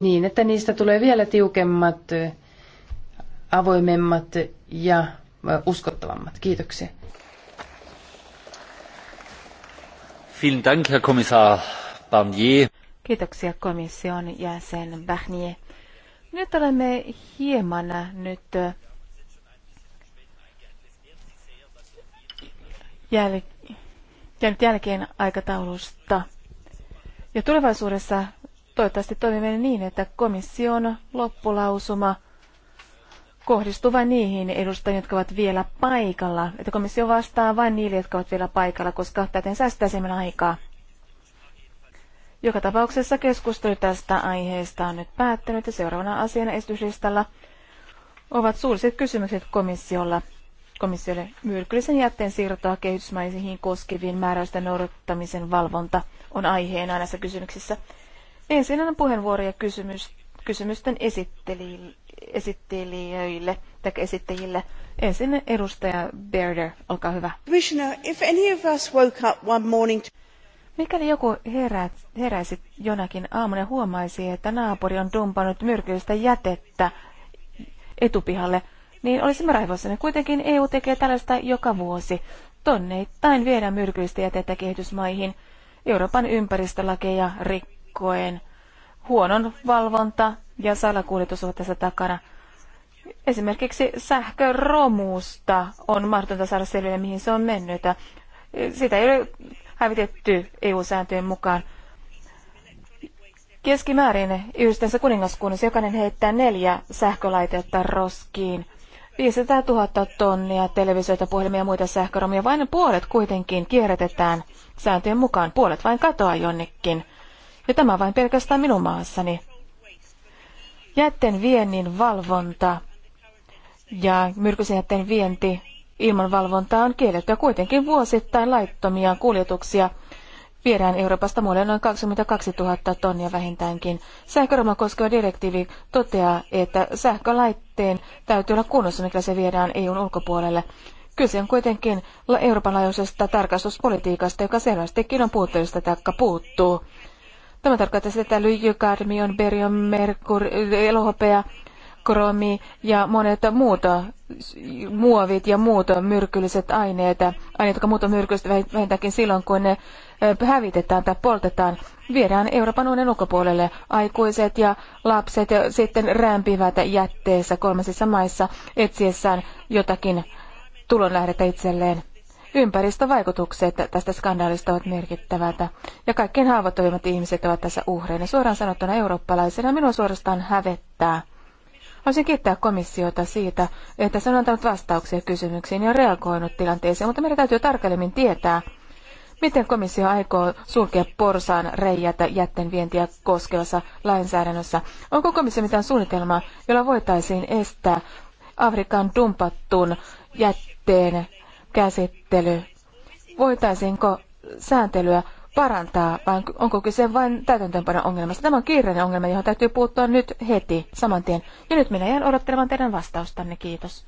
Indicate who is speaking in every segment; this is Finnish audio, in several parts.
Speaker 1: niin, että niistä tulee vielä tiukemmat, avoimemmat ja uskottavammat. Kiitoksia.
Speaker 2: Vielen Dank, Herr Kommissar Barnier.
Speaker 3: Kiitoksia komission jäsen Barnier. Nyt olemme hieman nyt jäl- jäl, jälkeen aikataulusta. Ja tulevaisuudessa toivottavasti toimimme niin, että komission loppulausuma kohdistuu vain niihin edustajiin, jotka ovat vielä paikalla. Että komissio vastaa vain niille, jotka ovat vielä paikalla, koska täten säästäisimme aikaa. Joka tapauksessa keskustelu tästä aiheesta on nyt päättynyt ja seuraavana asiana esityslistalla ovat suulliset kysymykset komissiolla. Komissiolle myrkyllisen jätteen siirtoa kehitysmaisiin koskeviin määräysten noudattamisen valvonta on aiheena näissä kysymyksissä. Ensinnäkin puheenvuoro ja kysymys, kysymysten esittelijöille tai esittäjille. Ensin edustaja Berder, olkaa hyvä. Mikäli joku herä, heräisi jonakin aamuna ja huomaisi, että naapuri on dumpannut myrkyllistä jätettä etupihalle, niin olisimme raivoissamme. Kuitenkin EU tekee tällaista joka vuosi. Tonneittain viedään myrkyllistä jätettä kehitysmaihin. Euroopan ympäristölakeja rikkoa rikkoen. Huonon valvonta ja salakuljetus ovat tässä takana. Esimerkiksi sähköromusta on mahdotonta saada selville, mihin se on mennyt. Sitä ei ole hävitetty EU-sääntöjen mukaan. Keskimäärin yhdistänsä kuningaskunnassa jokainen heittää neljä sähkölaitetta roskiin. 500 000 tonnia televisioita, puhelimia ja muita sähköromia. Vain puolet kuitenkin kierrätetään sääntöjen mukaan. Puolet vain katoaa jonnekin. Ja tämä vain pelkästään minun maassani. Jätteen viennin valvonta ja myrkyisen jätteen vienti ilman valvontaa on kiellettyä. Kuitenkin vuosittain laittomia kuljetuksia viedään Euroopasta muille noin 22 000 tonnia vähintäänkin. Sähköroma koskeva direktiivi toteaa, että sähkölaitteen täytyy olla kunnossa, mikä se viedään EUn ulkopuolelle. Kyse on kuitenkin Euroopan laajuisesta tarkastuspolitiikasta, joka selvästikin on puutteellista taikka puuttuu. Tämä tarkoittaa sitä, että lyijy, kadmion, berion, merkur, elohopea, kromi ja monet muut muovit ja muut myrkylliset aineet, aineet, jotka muut on myrkylliset vähintäänkin silloin, kun ne hävitetään tai poltetaan, viedään Euroopan unen ulkopuolelle. Aikuiset ja lapset ja sitten rämpivät jätteessä kolmasissa maissa etsiessään jotakin tulonlähdettä itselleen. Ympäristövaikutukset tästä skandaalista ovat merkittävät ja kaikkein haavoittuvimmat ihmiset ovat tässä uhreina. Suoraan sanottuna eurooppalaisena minua suorastaan hävettää. Haluaisin kiittää komissiota siitä, että se on antanut vastauksia kysymyksiin ja reagoinut tilanteeseen, mutta meidän täytyy tarkemmin tietää, miten komissio aikoo sulkea porsaan reijätä jätteen vientiä koskevassa lainsäädännössä. Onko komissio mitään suunnitelmaa, jolla voitaisiin estää Afrikan dumpattun jätteen käsittely. Voitaisiinko sääntelyä parantaa, vai onko kyse vain täytäntöönpanon ongelmasta? Tämä on kiireinen ongelma, johon täytyy puuttua nyt heti, saman tien. Ja nyt minä jään odottelemaan teidän vastaustanne. Kiitos.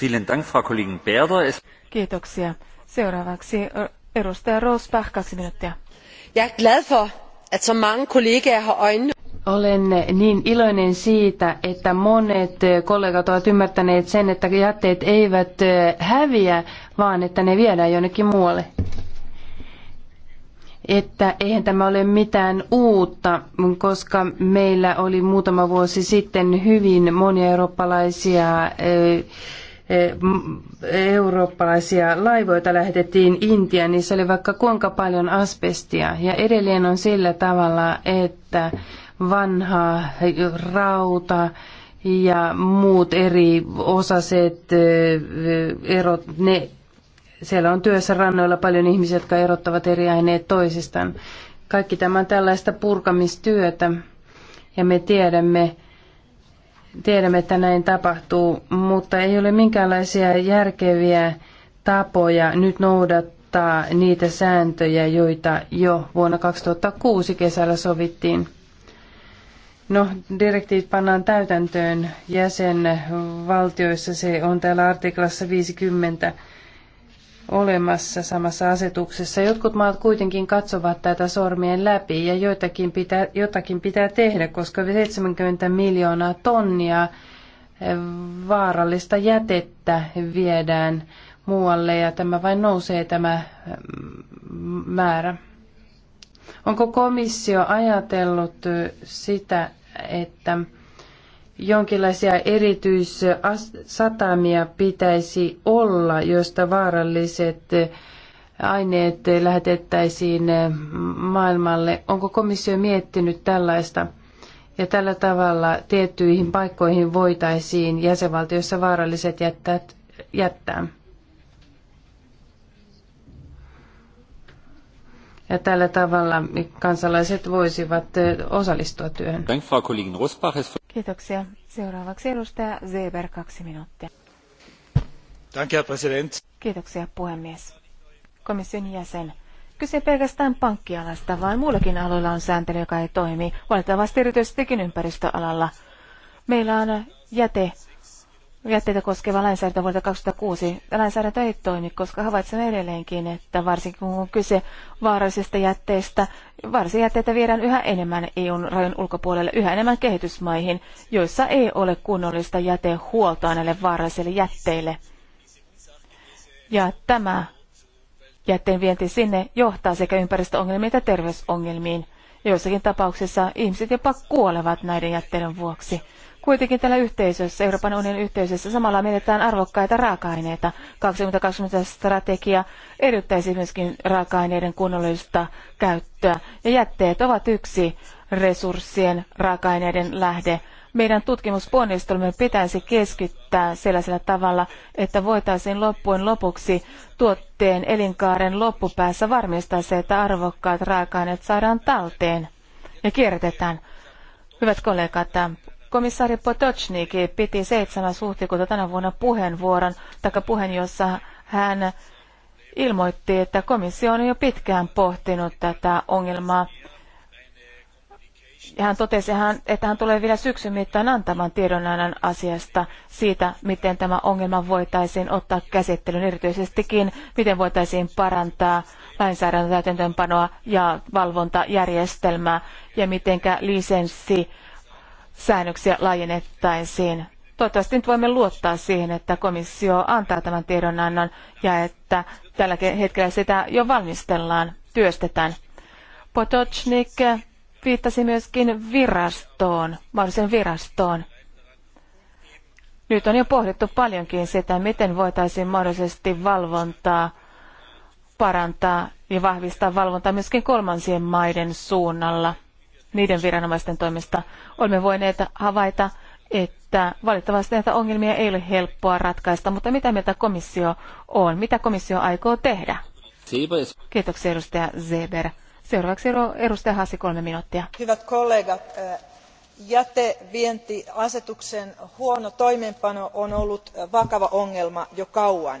Speaker 2: Vielen Dank, Frau Kollegin Berder.
Speaker 3: Kiitoksia. Seuraavaksi edustaja Rosbach, kaksi minuuttia.
Speaker 1: Ja er glad for, että so mange kollegaer har øjnene olen niin iloinen siitä, että monet kollegat ovat ymmärtäneet sen, että jätteet eivät häviä, vaan että ne viedään jonnekin muualle. Että eihän tämä ole mitään uutta, koska meillä oli muutama vuosi sitten hyvin monia eurooppalaisia eurooppalaisia laivoita lähetettiin Intiaan, niissä oli vaikka kuinka paljon asbestia. Ja edelleen on sillä tavalla, että vanha rauta ja muut eri osaset, erot, ne, siellä on työssä rannoilla paljon ihmisiä, jotka erottavat eri aineet toisistaan. Kaikki tämä on tällaista purkamistyötä ja me tiedämme, tiedämme, että näin tapahtuu, mutta ei ole minkäänlaisia järkeviä tapoja nyt noudattaa niitä sääntöjä, joita jo vuonna 2006 kesällä sovittiin. No, direktiivit pannaan täytäntöön jäsenvaltioissa. Se on täällä artiklassa 50 olemassa samassa asetuksessa. Jotkut maat kuitenkin katsovat tätä sormien läpi ja joitakin pitää, jotakin pitää tehdä, koska 70 miljoonaa tonnia vaarallista jätettä viedään muualle ja tämä vain nousee tämä mm, määrä. Onko komissio ajatellut sitä, että jonkinlaisia erityissatamia pitäisi olla, joista vaaralliset aineet lähetettäisiin maailmalle. Onko komissio miettinyt tällaista? Ja tällä tavalla tiettyihin paikkoihin voitaisiin jäsenvaltioissa vaaralliset jättää. jättää. ja tällä tavalla kansalaiset voisivat osallistua työhön. Kiitoksia.
Speaker 3: Seuraavaksi edustaja Zeber, kaksi minuuttia. Kiitoksia puhemies. Komission jäsen. Kyse pelkästään pankkialasta, vaan muillakin aloilla on sääntely, joka ei toimi, valitettavasti erityisestikin ympäristöalalla. Meillä on jäte jätteitä koskeva lainsäädäntö vuodelta 2006. Lainsäädäntö ei toimi, koska havaitsemme edelleenkin, että varsinkin kun on kyse vaarallisista jätteistä, varsin jätteitä viedään yhä enemmän EUn rajan ulkopuolelle, yhä enemmän kehitysmaihin, joissa ei ole kunnollista jätehuoltoa näille vaarallisille jätteille. Ja tämä jätteen vienti sinne johtaa sekä ympäristöongelmiin että terveysongelmiin. Joissakin tapauksissa ihmiset jopa kuolevat näiden jätteiden vuoksi. Kuitenkin täällä yhteisössä, Euroopan unionin yhteisössä, samalla menetään arvokkaita raaka-aineita. 2020 strategia edyttäisi myöskin raaka-aineiden kunnollista käyttöä. Ja jätteet ovat yksi resurssien raaka-aineiden lähde. Meidän tutkimusponnistelumme pitäisi keskittää sellaisella tavalla, että voitaisiin loppujen lopuksi tuotteen elinkaaren loppupäässä varmistaa se, että arvokkaat raaka-aineet saadaan talteen ja kierrätetään. Hyvät kollegat, Komissaari Potocnik piti 7. huhtikuuta tänä vuonna puheenvuoron, tai puheen, jossa hän ilmoitti, että komissio on jo pitkään pohtinut tätä ongelmaa. Hän totesi, että hän tulee vielä syksyn mittaan antamaan tiedonannan asiasta siitä, miten tämä ongelma voitaisiin ottaa käsittelyyn, erityisestikin miten voitaisiin parantaa lainsäädännön täytäntöönpanoa ja valvontajärjestelmää ja miten lisenssi säännöksiä laajennettaisiin. Toivottavasti nyt voimme luottaa siihen, että komissio antaa tämän tiedonannon ja että tällä hetkellä sitä jo valmistellaan, työstetään. Potocnik viittasi myöskin virastoon, mahdollisen virastoon. Nyt on jo pohdittu paljonkin sitä, miten voitaisiin mahdollisesti valvontaa parantaa ja vahvistaa valvontaa myöskin kolmansien maiden suunnalla niiden viranomaisten toimesta. Olemme voineet havaita, että valitettavasti näitä ongelmia ei ole helppoa ratkaista, mutta mitä mieltä komissio on? Mitä komissio aikoo tehdä? Kiitoksia edustaja Zeber. Seuraavaksi edustaja Hasi kolme minuuttia.
Speaker 4: Hyvät kollegat, jätevientiasetuksen huono toimeenpano on ollut vakava ongelma jo kauan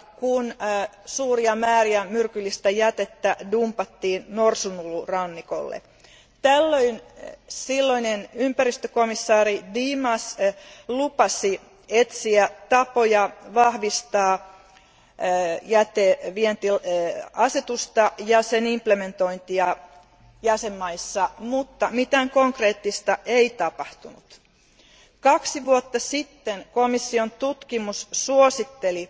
Speaker 4: kun suuria määriä myrkyllistä jätettä dumpattiin norsunluurannikolle. tällöin silloinen ympäristökomissaari dimas lupasi etsiä tapoja vahvistaa jätevientiasetusta ja sen täytäntöönpanoa jäsenvaltioissa mutta mitään konkreettista ei tapahtunut. kaksi vuotta sitten komission tutkimus suositteli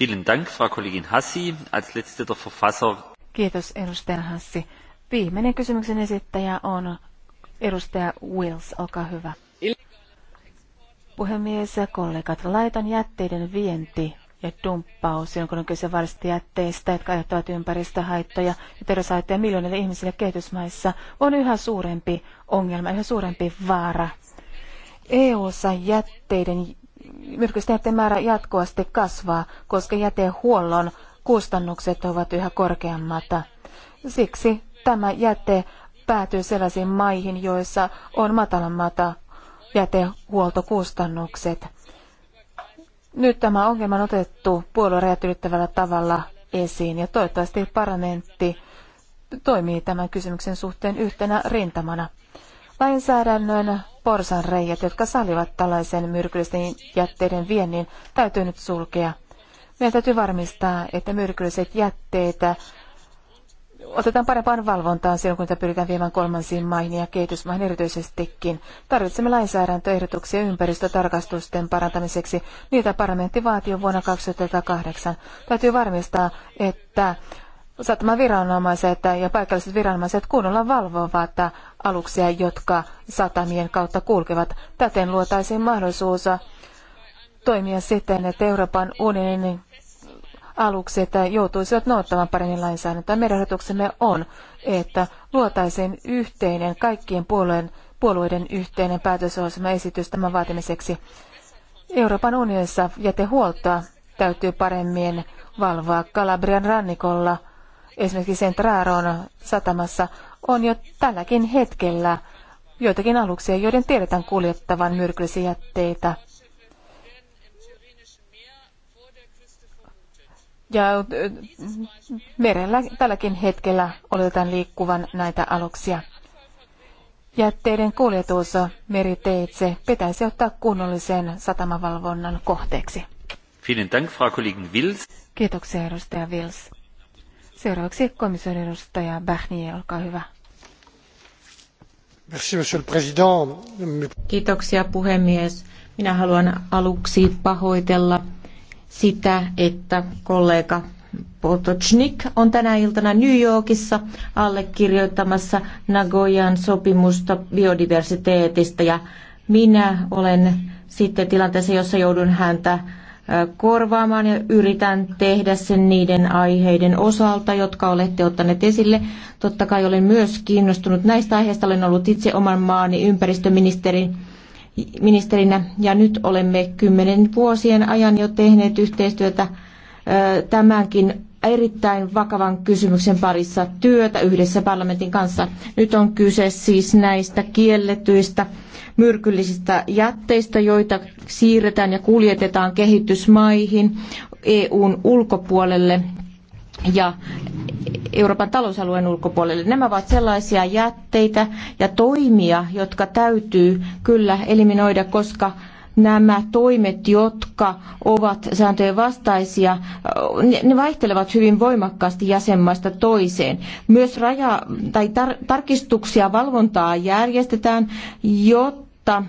Speaker 2: Vielen Dank, Frau Kollegin Hassi. Als der Verfasser.
Speaker 3: Kiitos, edustaja Hassi. Viimeinen kysymyksen esittäjä on edustaja Wills, olkaa hyvä. Puhemies ja kollegat, laiton jätteiden vienti ja dumppaus, silloin kun on kyse varsinaisista jätteistä, jotka aiheuttavat ympäristöhaittoja ja terveyshaittoja miljoonille ihmisille kehitysmaissa, on yhä suurempi ongelma, yhä suurempi vaara. EU-ssa jätteiden myrkysjätteen määrä jatkuvasti kasvaa, koska jätehuollon kustannukset ovat yhä korkeammat. Siksi tämä jäte päätyy sellaisiin maihin, joissa on matalammat jätehuoltokustannukset. Nyt tämä ongelma on otettu puolueet ylittävällä tavalla esiin ja toivottavasti parlamentti toimii tämän kysymyksen suhteen yhtenä rintamana. Lainsäädännön porsanreijät, jotka salivat tällaisen myrkyllisten jätteiden viennin, täytyy nyt sulkea. Meidän täytyy varmistaa, että myrkylliset jätteet otetaan parempaan valvontaan silloin, kun niitä pyritään viemään kolmansiin maihin ja kehitysmaihin erityisestikin. Tarvitsemme lainsäädäntöehdotuksia ympäristötarkastusten parantamiseksi. Niitä parlamentti vaatii jo vuonna 2008. Täytyy varmistaa, että satama viranomaiset ja paikalliset viranomaiset kunnolla valvovat aluksia, jotka satamien kautta kulkevat. Täten luotaisiin mahdollisuus toimia siten, että Euroopan unionin alukset joutuisivat noudattamaan paremmin lainsäädäntöä. Meidän ehdotuksemme on, että luotaisiin yhteinen kaikkien puolueen, puolueiden yhteinen päätösohjelma esitys tämän vaatimiseksi. Euroopan unionissa jätehuoltoa täytyy paremmin valvoa Kalabrian rannikolla – esimerkiksi Centraron satamassa on jo tälläkin hetkellä joitakin aluksia, joiden tiedetään kuljettavan myrkyllisiä jätteitä. Ja äh, merellä tälläkin hetkellä oletetaan liikkuvan näitä aluksia. Jätteiden kuljetus meriteitse pitäisi ottaa kunnollisen satamavalvonnan kohteeksi.
Speaker 2: Dank, Frau Kollegin Wils.
Speaker 3: Kiitoksia, edustaja Wils. Seuraavaksi
Speaker 5: komission edustaja Bachnier, olkaa hyvä. Kiitoksia puhemies. Minä haluan aluksi pahoitella sitä, että kollega Potocnik on tänä iltana New Yorkissa allekirjoittamassa Nagoyan sopimusta biodiversiteetistä ja minä olen sitten tilanteessa, jossa joudun häntä korvaamaan ja yritän tehdä sen niiden aiheiden osalta, jotka olette ottaneet esille. Totta kai olen myös kiinnostunut näistä aiheista. Olen ollut itse oman maani ympäristöministerinä ja nyt olemme kymmenen vuosien ajan jo tehneet yhteistyötä tämänkin erittäin vakavan kysymyksen parissa työtä yhdessä parlamentin kanssa. Nyt on kyse siis näistä kielletyistä myrkyllisistä jätteistä, joita siirretään ja kuljetetaan kehitysmaihin EUn ulkopuolelle ja Euroopan talousalueen ulkopuolelle. Nämä ovat sellaisia jätteitä ja toimia, jotka täytyy kyllä eliminoida, koska nämä toimet, jotka ovat sääntöjen vastaisia, ne vaihtelevat hyvin voimakkaasti jäsenmaista toiseen. Myös raja- tai tar tarkistuksia valvontaa järjestetään, jotta mutta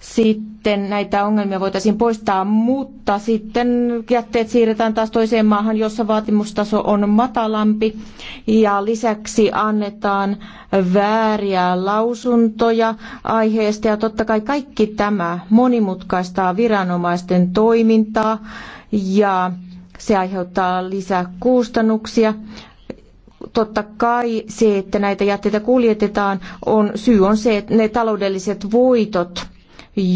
Speaker 5: sitten näitä ongelmia voitaisiin poistaa, mutta sitten jätteet siirretään taas toiseen maahan, jossa vaatimustaso on matalampi ja lisäksi annetaan vääriä lausuntoja aiheesta ja totta kai kaikki tämä monimutkaistaa viranomaisten toimintaa ja se aiheuttaa lisää kustannuksia totta kai se, että näitä jätteitä kuljetetaan, on syy on se, että ne taloudelliset voitot,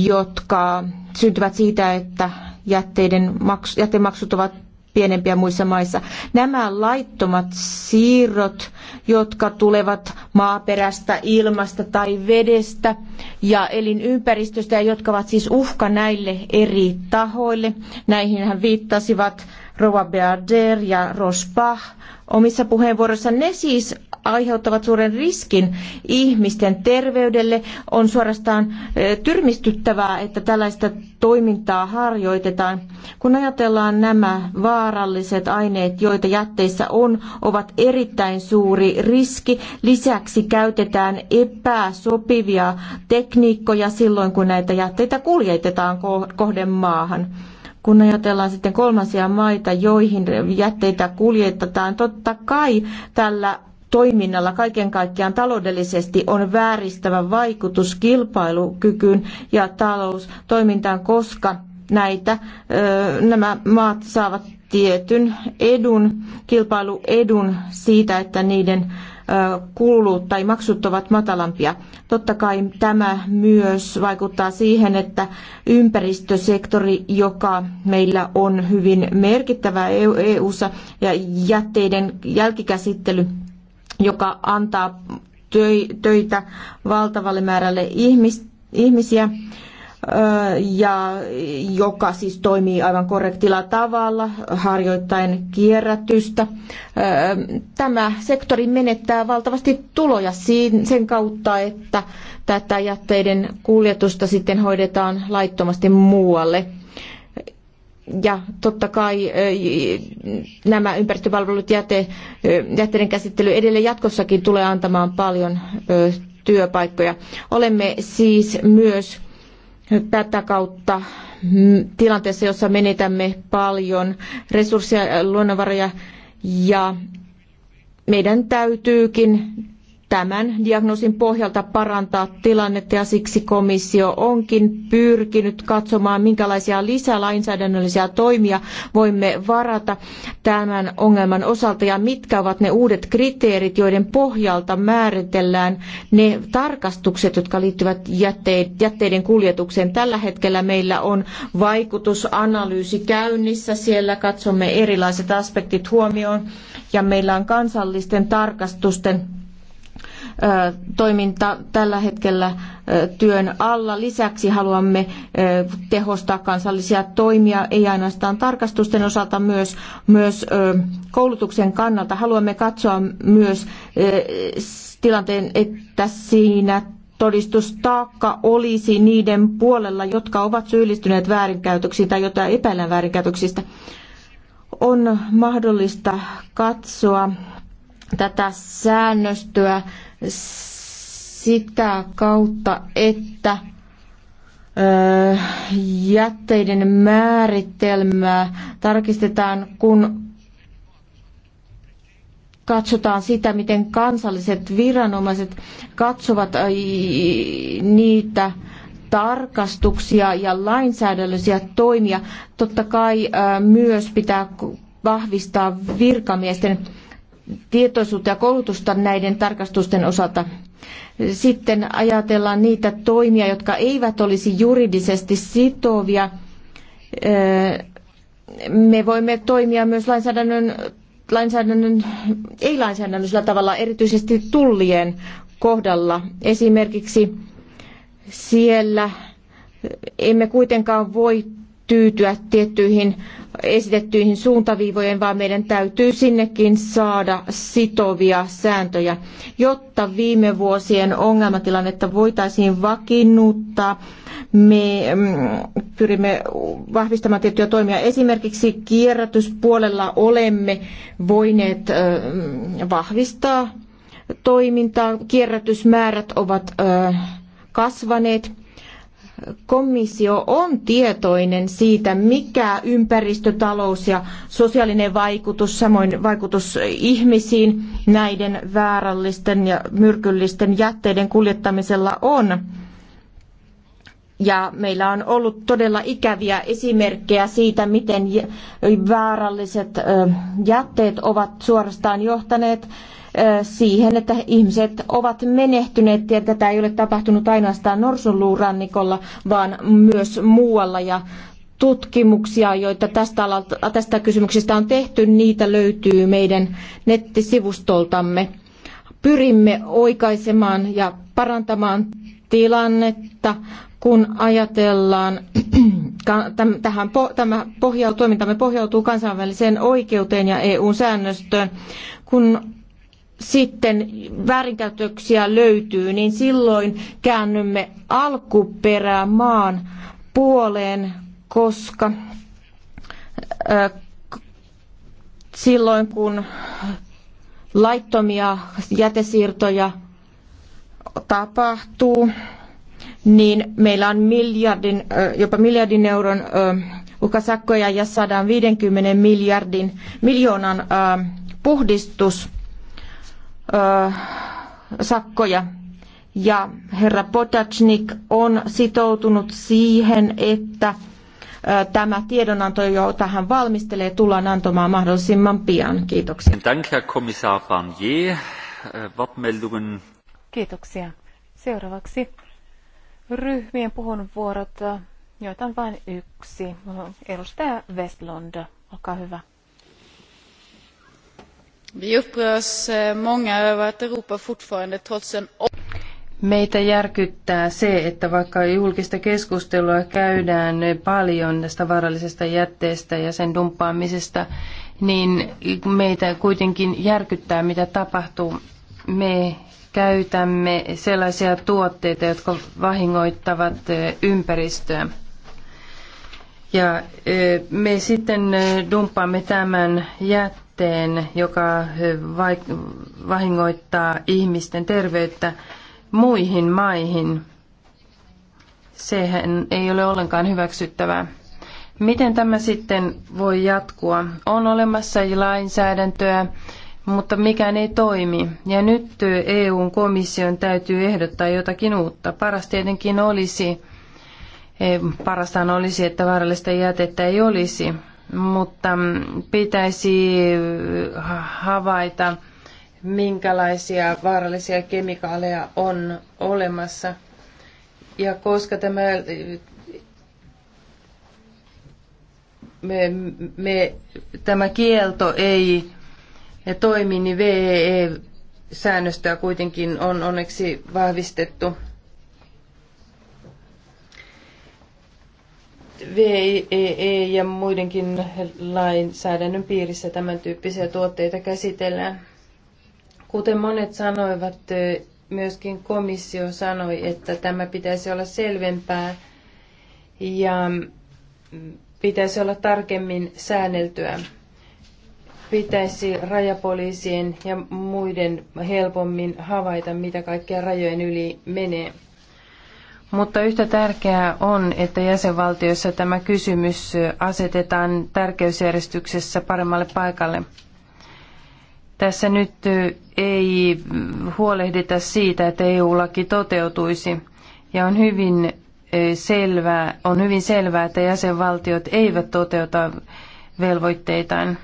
Speaker 5: jotka syntyvät siitä, että jätteiden maksu, jätemaksut ovat pienempiä muissa maissa. Nämä laittomat siirrot, jotka tulevat maaperästä, ilmasta tai vedestä ja elinympäristöstä ja jotka ovat siis uhka näille eri tahoille, näihin hän viittasivat Rova Bearder ja Rosbach omissa puheenvuoroissa, ne siis aiheuttavat suuren riskin ihmisten terveydelle. On suorastaan tyrmistyttävää, että tällaista toimintaa harjoitetaan. Kun ajatellaan nämä vaaralliset aineet, joita jätteissä on, ovat erittäin suuri riski. Lisäksi käytetään epäsopivia tekniikkoja silloin, kun näitä jätteitä kuljetetaan kohdemaahan. maahan. Kun ajatellaan sitten kolmansia maita, joihin jätteitä kuljetetaan, totta kai tällä toiminnalla kaiken kaikkiaan taloudellisesti on vääristävä vaikutus kilpailukykyyn ja taloustoimintaan, koska näitä, nämä maat saavat tietyn edun, kilpailuedun siitä, että niiden kulut tai maksut ovat matalampia. Totta kai tämä myös vaikuttaa siihen, että ympäristösektori, joka meillä on hyvin merkittävä EU-ssa e ja jätteiden jälkikäsittely, joka antaa töitä valtavalle määrälle ihmisiä, ja joka siis toimii aivan korrektilla tavalla harjoittain kierrätystä. Tämä sektori menettää valtavasti tuloja sen kautta, että tätä jätteiden kuljetusta sitten hoidetaan laittomasti muualle. Ja totta kai nämä ympäristöpalvelut jäte, jätteiden käsittely edelleen jatkossakin tulee antamaan paljon työpaikkoja. Olemme siis myös tätä kautta mm, tilanteessa, jossa menetämme paljon resursseja, luonnonvaroja ja meidän täytyykin tämän diagnoosin pohjalta parantaa tilannetta ja siksi komissio onkin pyrkinyt katsomaan, minkälaisia lisälainsäädännöllisiä toimia voimme varata tämän ongelman osalta ja mitkä ovat ne uudet kriteerit, joiden pohjalta määritellään ne tarkastukset, jotka liittyvät jätteiden kuljetukseen. Tällä hetkellä meillä on vaikutusanalyysi käynnissä. Siellä katsomme erilaiset aspektit huomioon ja meillä on kansallisten tarkastusten toiminta tällä hetkellä työn alla. Lisäksi haluamme tehostaa kansallisia toimia, ei ainoastaan tarkastusten osalta, myös, myös koulutuksen kannalta. Haluamme katsoa myös tilanteen, että siinä todistustaakka olisi niiden puolella, jotka ovat syyllistyneet väärinkäytöksiin tai jotain epäillään väärinkäytöksistä. On mahdollista katsoa tätä säännöstöä sitä kautta, että jätteiden määritelmää tarkistetaan, kun katsotaan sitä, miten kansalliset viranomaiset katsovat niitä tarkastuksia ja lainsäädännöllisiä toimia. Totta kai myös pitää vahvistaa virkamiesten tietoisuutta ja koulutusta näiden tarkastusten osalta. Sitten ajatellaan niitä toimia, jotka eivät olisi juridisesti sitovia. Me voimme toimia myös lainsäädännön, lainsäädännön ei-lainsäädännöllisellä tavalla, erityisesti tullien kohdalla. Esimerkiksi siellä emme kuitenkaan voi tyytyä tiettyihin esitettyihin suuntaviivojen, vaan meidän täytyy sinnekin saada sitovia sääntöjä, jotta viime vuosien ongelmatilannetta voitaisiin vakiinnuttaa. Me mm, pyrimme vahvistamaan tiettyjä toimia. Esimerkiksi kierrätyspuolella olemme voineet vahvistaa toimintaa. Kierrätysmäärät ovat kasvaneet komissio on tietoinen siitä, mikä ympäristötalous ja sosiaalinen vaikutus, samoin vaikutus ihmisiin näiden väärällisten ja myrkyllisten jätteiden kuljettamisella on. Ja meillä on ollut todella ikäviä esimerkkejä siitä, miten väärälliset jätteet ovat suorastaan johtaneet siihen, että ihmiset ovat menehtyneet ja tätä ei ole tapahtunut ainoastaan Norsunluurannikolla, vaan myös muualla ja tutkimuksia, joita tästä, alalta, tästä kysymyksestä on tehty, niitä löytyy meidän nettisivustoltamme. Pyrimme oikaisemaan ja parantamaan tilannetta, kun ajatellaan, tähän, tämä pohjautuu, toimintamme pohjautuu kansainväliseen oikeuteen ja EU-säännöstöön, kun sitten väärinkäytöksiä löytyy, niin silloin käännymme alkuperämaan puoleen, koska silloin kun laittomia jätesiirtoja tapahtuu, niin meillä on miljardin, jopa miljardin euron uhkasakkoja ja 150 miljardin, miljoonan puhdistus ö, sakkoja. Ja herra Potacnik on sitoutunut siihen, että ö, tämä tiedonanto, jota hän valmistelee, tullaan antamaan mahdollisimman pian. Kiitoksia.
Speaker 2: Dank, herr Barnier.
Speaker 5: Kiitoksia. Seuraavaksi
Speaker 3: ryhmien puhun vuorot, joita on vain yksi. Edustaja
Speaker 1: Westlund, olkaa hyvä. Vi
Speaker 3: upprörs eh, många över att Europa fortfarande trots en
Speaker 1: Meitä järkyttää se, että vaikka julkista keskustelua käydään paljon tästä vaarallisesta jätteestä ja sen dumppaamisesta, niin meitä kuitenkin järkyttää, mitä tapahtuu. Me käytämme sellaisia tuotteita, jotka vahingoittavat eh, ympäristöä. Ja eh, me sitten dumppaamme tämän jätteen jätteen, joka vahingoittaa ihmisten terveyttä muihin maihin. Sehän ei ole ollenkaan hyväksyttävää. Miten tämä sitten voi jatkua? On olemassa lainsäädäntöä, mutta mikään ei toimi. Ja nyt EUn komission täytyy ehdottaa jotakin uutta. Paras tietenkin olisi, e, parastaan olisi, että vaarallista jätettä ei olisi, mutta pitäisi havaita, minkälaisia vaarallisia kemikaaleja on olemassa. Ja koska tämä me, me, tämä kielto ei toimi, niin VEE-säännöstöä kuitenkin on onneksi vahvistettu VEE e ja muidenkin lainsäädännön piirissä tämän tyyppisiä tuotteita käsitellään. Kuten monet sanoivat, myöskin komissio sanoi, että tämä pitäisi olla selvempää ja pitäisi olla tarkemmin säänneltyä. Pitäisi rajapoliisien ja muiden helpommin havaita, mitä kaikkea rajojen yli menee. Mutta yhtä tärkeää on, että jäsenvaltioissa tämä kysymys asetetaan tärkeysjärjestyksessä paremmalle paikalle. Tässä nyt ei huolehdita siitä, että EU-laki toteutuisi. Ja on hyvin eh, selvää, on hyvin selvää, että jäsenvaltiot eivät toteuta velvoitteitaan.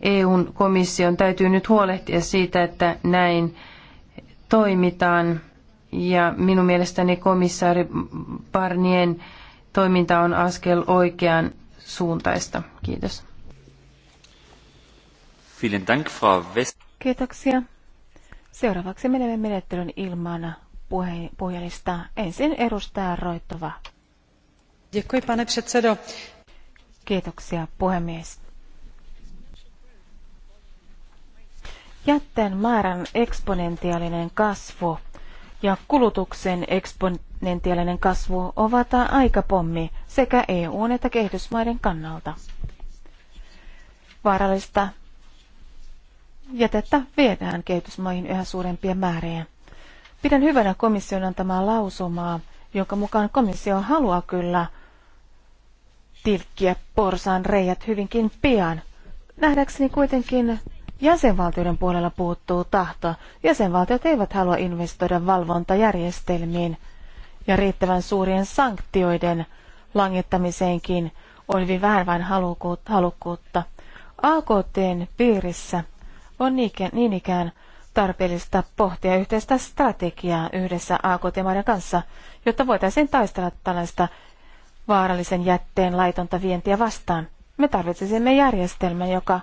Speaker 1: EUn komission täytyy nyt huolehtia siitä, että näin toimitaan ja minun mielestäni komissaari Barnien toiminta on askel oikeaan
Speaker 2: suuntaista. Kiitos.
Speaker 3: Kiitoksia. Seuraavaksi menemme menettelyn ilman puhe- puhujalista. Ensin edustaja Roittova. Děkuji, pane Kiitoksia, puhemies. Jätteen määrän eksponentiaalinen kasvu ja kulutuksen eksponentiaalinen kasvu ovat aikapommi sekä EUn että kehitysmaiden kannalta. Vaarallista jätettä viedään kehitysmaihin yhä suurempia määriä. Pidän hyvänä komission antamaa lausumaa, jonka mukaan komissio haluaa kyllä tilkkiä porsaan reijät hyvinkin pian. Nähdäkseni kuitenkin Jäsenvaltioiden puolella puuttuu tahto. Jäsenvaltiot eivät halua investoida valvontajärjestelmiin ja riittävän suurien sanktioiden langettamiseenkin on hyvin vähän vain halukkuutta. AKTn piirissä on niin ikään tarpeellista pohtia yhteistä strategiaa yhdessä AKT-maiden kanssa, jotta voitaisiin taistella tällaista vaarallisen jätteen laitonta vientiä vastaan. Me tarvitsisimme järjestelmän, joka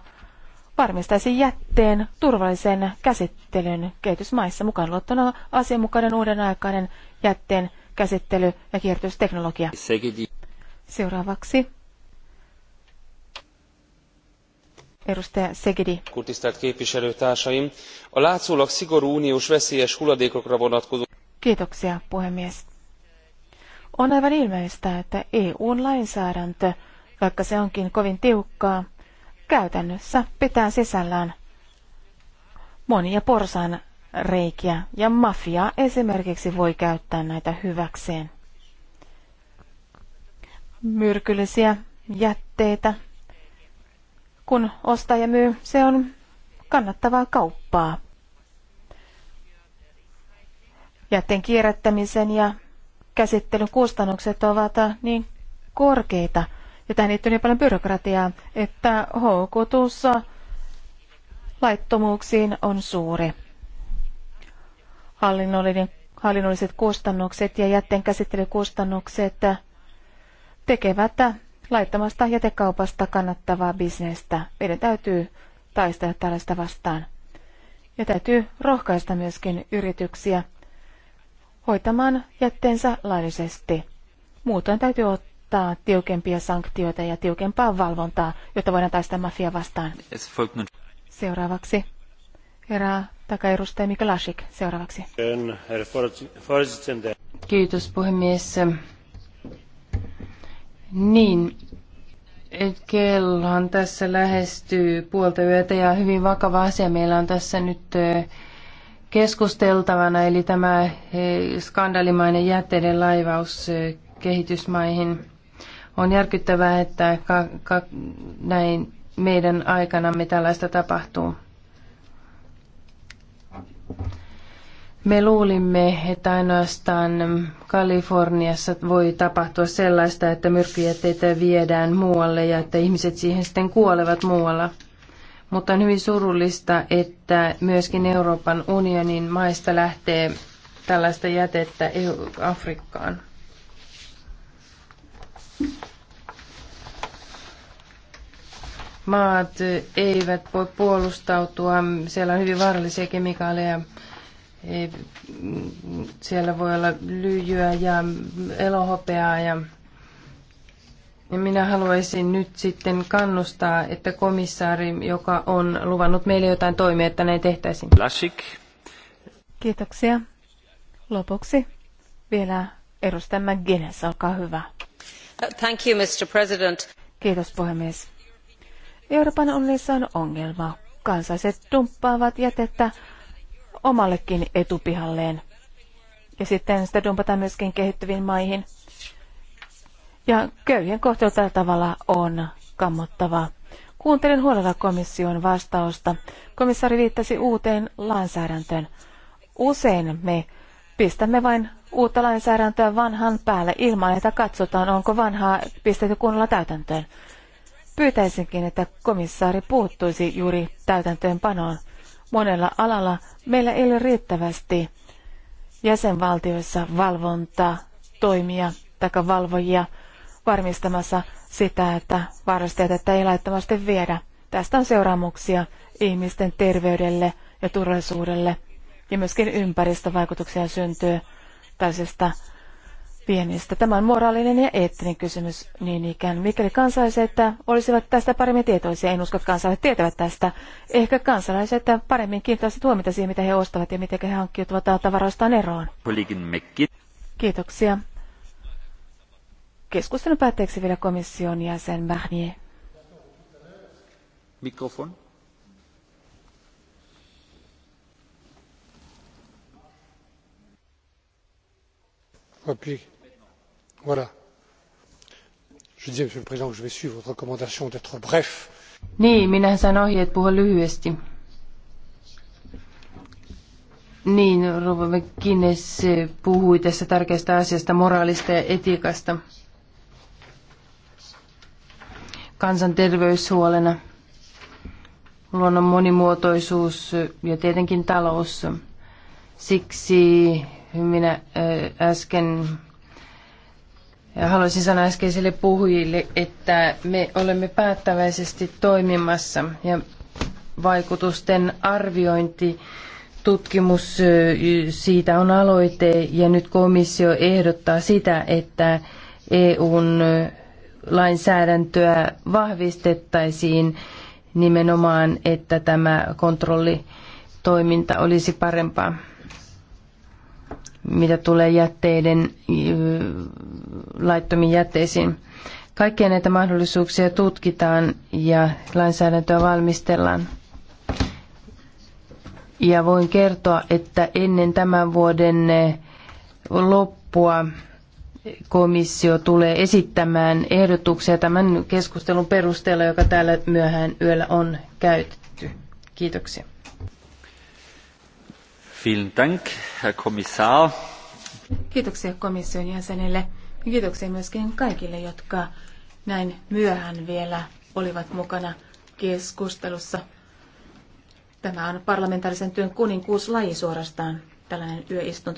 Speaker 3: varmistaisi jätteen turvallisen käsittelyn kehitysmaissa mukaan luottona asianmukainen uuden aikainen jätteen käsittely- ja kierrätysteknologia. Seuraavaksi Edustaja Segedi.
Speaker 2: Tisztelt képviselőtársaim! A látszólag szigorú uniós veszélyes hulladékokra vonatkozó...
Speaker 3: Kiitoksia, puhemies. On aivan ilmeistä, että eu lainsäädäntö, vaikka se onkin kovin tiukkaa, käytännössä pitää sisällään monia porsan reikiä ja mafia esimerkiksi voi käyttää näitä hyväkseen. Myrkyllisiä jätteitä, kun ostaa ja myy, se on kannattavaa kauppaa. Jätteen kierrättämisen ja käsittelyn kustannukset ovat äh, niin korkeita, ja tähän liittyy niin paljon byrokratiaa, että houkutus laittomuuksiin on suuri. Hallinnollinen, hallinnolliset kustannukset ja jätteenkäsittelykustannukset tekevät laittomasta jätekaupasta kannattavaa bisnestä. Meidän täytyy taistella tällaista vastaan. Ja täytyy rohkaista myöskin yrityksiä hoitamaan jätteensä laillisesti. Muutoin täytyy ottaa asettaa tiukempia sanktioita ja tiukempaa valvontaa, jotta voidaan taistaa mafia vastaan. Seuraavaksi herra Mika Mikolasik. Seuraavaksi.
Speaker 1: Kiitos puhemies. Niin, kellohan tässä lähestyy puolta yötä ja hyvin vakava asia meillä on tässä nyt keskusteltavana, eli tämä skandalimainen jätteiden laivaus kehitysmaihin. On järkyttävää, että ka- ka- näin meidän aikanamme tällaista tapahtuu. Me luulimme, että ainoastaan Kaliforniassa voi tapahtua sellaista, että myrkkyjätteitä viedään muualle ja että ihmiset siihen sitten kuolevat muualla. Mutta on hyvin surullista, että myöskin Euroopan unionin maista lähtee tällaista jätettä e- Afrikkaan. Maat eivät voi puolustautua. Siellä on hyvin vaarallisia kemikaaleja. Siellä voi olla lyijyä ja elohopeaa ja minä haluaisin nyt sitten kannustaa, että komissaari, joka on luvannut meille jotain toimia, että näin tehtäisiin. Lasik. Kiitoksia. Lopuksi
Speaker 3: vielä edustaja McGuinness, olkaa hyvä. Kiitos puhemies. Euroopan unionissa on ongelma. Kansalaiset dumppaavat jätettä omallekin etupihalleen. Ja sitten sitä dumpataan myöskin kehittyviin maihin. Ja köyhien kohtelu tällä tavalla on kammottavaa. Kuuntelin huolella komission vastausta. Komissaari viittasi uuteen lainsäädäntöön. Usein me pistämme vain uutta lainsäädäntöä vanhan päälle ilman, että katsotaan, onko vanhaa pistetty kunnolla täytäntöön. Pyytäisinkin, että komissaari puuttuisi juuri täytäntöönpanoon. Monella alalla meillä ei ole riittävästi jäsenvaltioissa valvontaa, toimia tai valvojia varmistamassa sitä, että varastajat ei laittomasti viedä. Tästä on seuraamuksia ihmisten terveydelle ja turvallisuudelle ja myöskin ympäristövaikutuksia syntyy yksittäisestä pienistä. Tämä on moraalinen ja eettinen kysymys niin ikään. Mikäli kansalaiset olisivat tästä paremmin tietoisia, en usko, että kansalaiset tietävät tästä. Ehkä kansalaiset paremmin kiinnittäisivät huomiota siihen, mitä he ostavat ja miten he hankkiutuvat tavaroistaan eroon. Kiitoksia. Keskustelun päätteeksi vielä komission jäsen Mähnie.
Speaker 2: Mikrofon.
Speaker 1: niin minä sain ohjeet puhua lyhyesti. Niin, Rova McGuinness puhui tässä tärkeästä asiasta, moraalista ja etiikasta kansanterveyshuolena, luonnon monimuotoisuus ja tietenkin talous. Siksi minä äsken haluaisin sanoa äskeisille puhujille, että me olemme päättäväisesti toimimassa ja vaikutusten arviointi tutkimus siitä on aloite ja nyt komissio ehdottaa sitä, että EUn lainsäädäntöä vahvistettaisiin nimenomaan, että tämä kontrollitoiminta olisi parempaa mitä tulee jätteiden, laittomiin jätteisiin. Kaikkia näitä mahdollisuuksia tutkitaan ja lainsäädäntöä valmistellaan. Ja voin kertoa, että ennen tämän vuoden e, loppua komissio tulee esittämään ehdotuksia tämän keskustelun perusteella, joka täällä myöhään yöllä on käytetty. Kiitoksia.
Speaker 2: Dank, Herr Kommissar.
Speaker 3: Kiitoksia komission jäsenelle ja kiitoksia myöskin kaikille, jotka näin myöhään vielä olivat mukana keskustelussa. Tämä on parlamentaarisen työn kuninkuuslaji suorastaan, tällainen yöistunto.